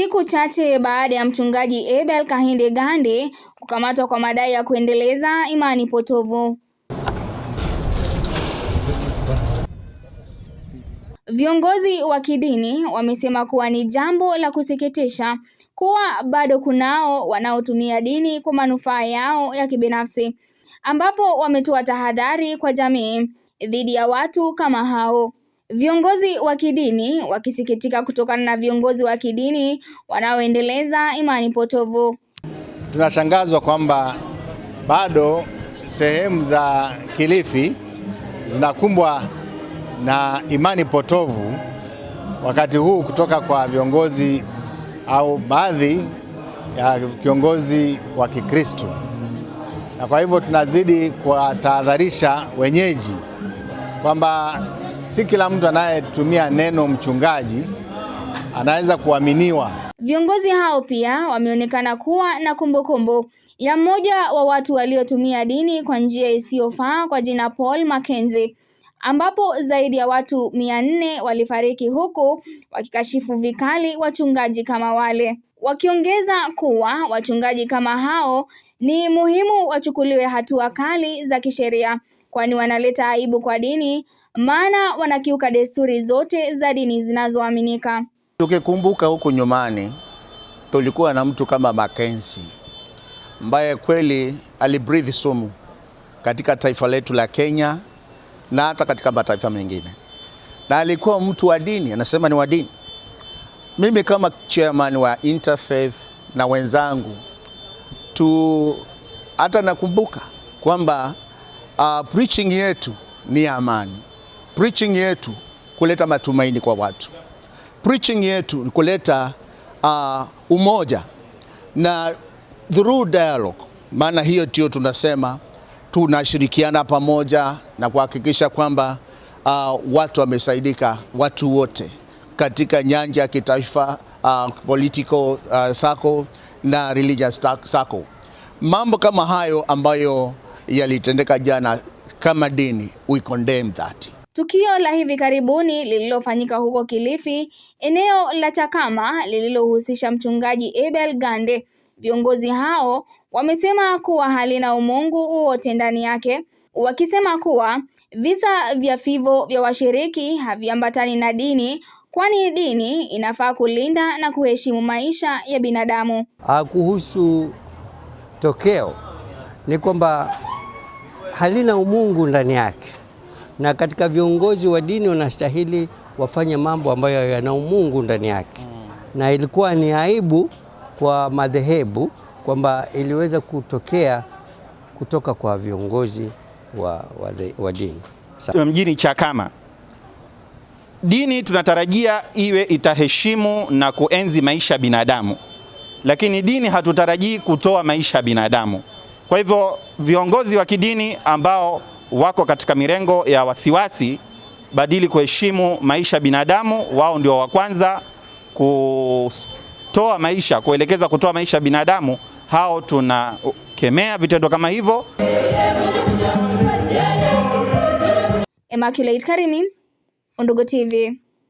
Siku chache baada ya mchungaji Abel Kahinde Gande kukamatwa kwa madai ya kuendeleza imani potovu. Viongozi wa kidini wamesema kuwa ni jambo la kusikitisha kuwa bado kunao wanaotumia dini kwa manufaa yao ya kibinafsi ambapo wametoa tahadhari kwa jamii dhidi ya watu kama hao. Viongozi wa kidini wakisikitika kutokana na viongozi wa kidini wanaoendeleza imani potovu. Tunashangazwa kwamba bado sehemu za Kilifi zinakumbwa na imani potovu wakati huu kutoka kwa viongozi au baadhi ya kiongozi wa Kikristo, na kwa hivyo tunazidi kuwatahadharisha wenyeji kwamba si kila mtu anayetumia neno mchungaji anaweza kuaminiwa. Viongozi hao pia wameonekana kuwa na kumbukumbu kumbu ya mmoja wa watu waliotumia dini kwa njia isiyofaa kwa jina Paul Mackenzie ambapo zaidi ya watu mia nne walifariki huku wakikashifu vikali wachungaji kama wale, wakiongeza kuwa wachungaji kama hao ni muhimu wachukuliwe hatua kali za kisheria kwani wanaleta aibu kwa dini, maana wanakiuka desturi zote za dini zinazoaminika. Tukikumbuka huku nyumani, tulikuwa na mtu kama Makensi ambaye kweli alibreathe sumu katika taifa letu la Kenya na hata katika mataifa mengine, na alikuwa mtu wa dini, anasema ni wa dini. Mimi kama chairman wa Interfaith na wenzangu tu, hata nakumbuka kwamba Uh, preaching yetu ni amani. Preaching yetu kuleta matumaini kwa watu. Preaching yetu ni kuleta uh, umoja na through dialogue, maana hiyo ndio tunasema tunashirikiana pamoja na kuhakikisha kwamba uh, watu wamesaidika, watu wote katika nyanja ya kitaifa uh, political uh, circle na religious circle, mambo kama hayo ambayo yalitendeka jana kama dini, we condemn that. Tukio la hivi karibuni lililofanyika huko Kilifi, eneo la Chakama, lililohusisha mchungaji Abel Gande, viongozi hao wamesema kuwa halina umungu wote ndani yake, wakisema kuwa visa vya fivo vya washiriki haviambatani na dini, kwani dini inafaa kulinda na kuheshimu maisha ya binadamu. Ah, kuhusu tokeo ni kwamba halina umungu ndani yake, na katika viongozi wa dini wanastahili wafanye mambo ambayo yana umungu ndani yake, mm. na ilikuwa ni aibu kwa madhehebu kwamba iliweza kutokea kutoka kwa viongozi wa, wa, wa dini. Mjini Chakama, dini tunatarajia iwe itaheshimu na kuenzi maisha ya binadamu, lakini dini hatutarajii kutoa maisha ya binadamu. Kwa hivyo viongozi wa kidini ambao wako katika mirengo ya wasiwasi, badili kuheshimu maisha ya binadamu, wao ndio wa kwanza kutoa maisha, kuelekeza kutoa maisha ya binadamu, hao tunakemea vitendo kama hivyo. Immaculate Karimi, Undugu TV.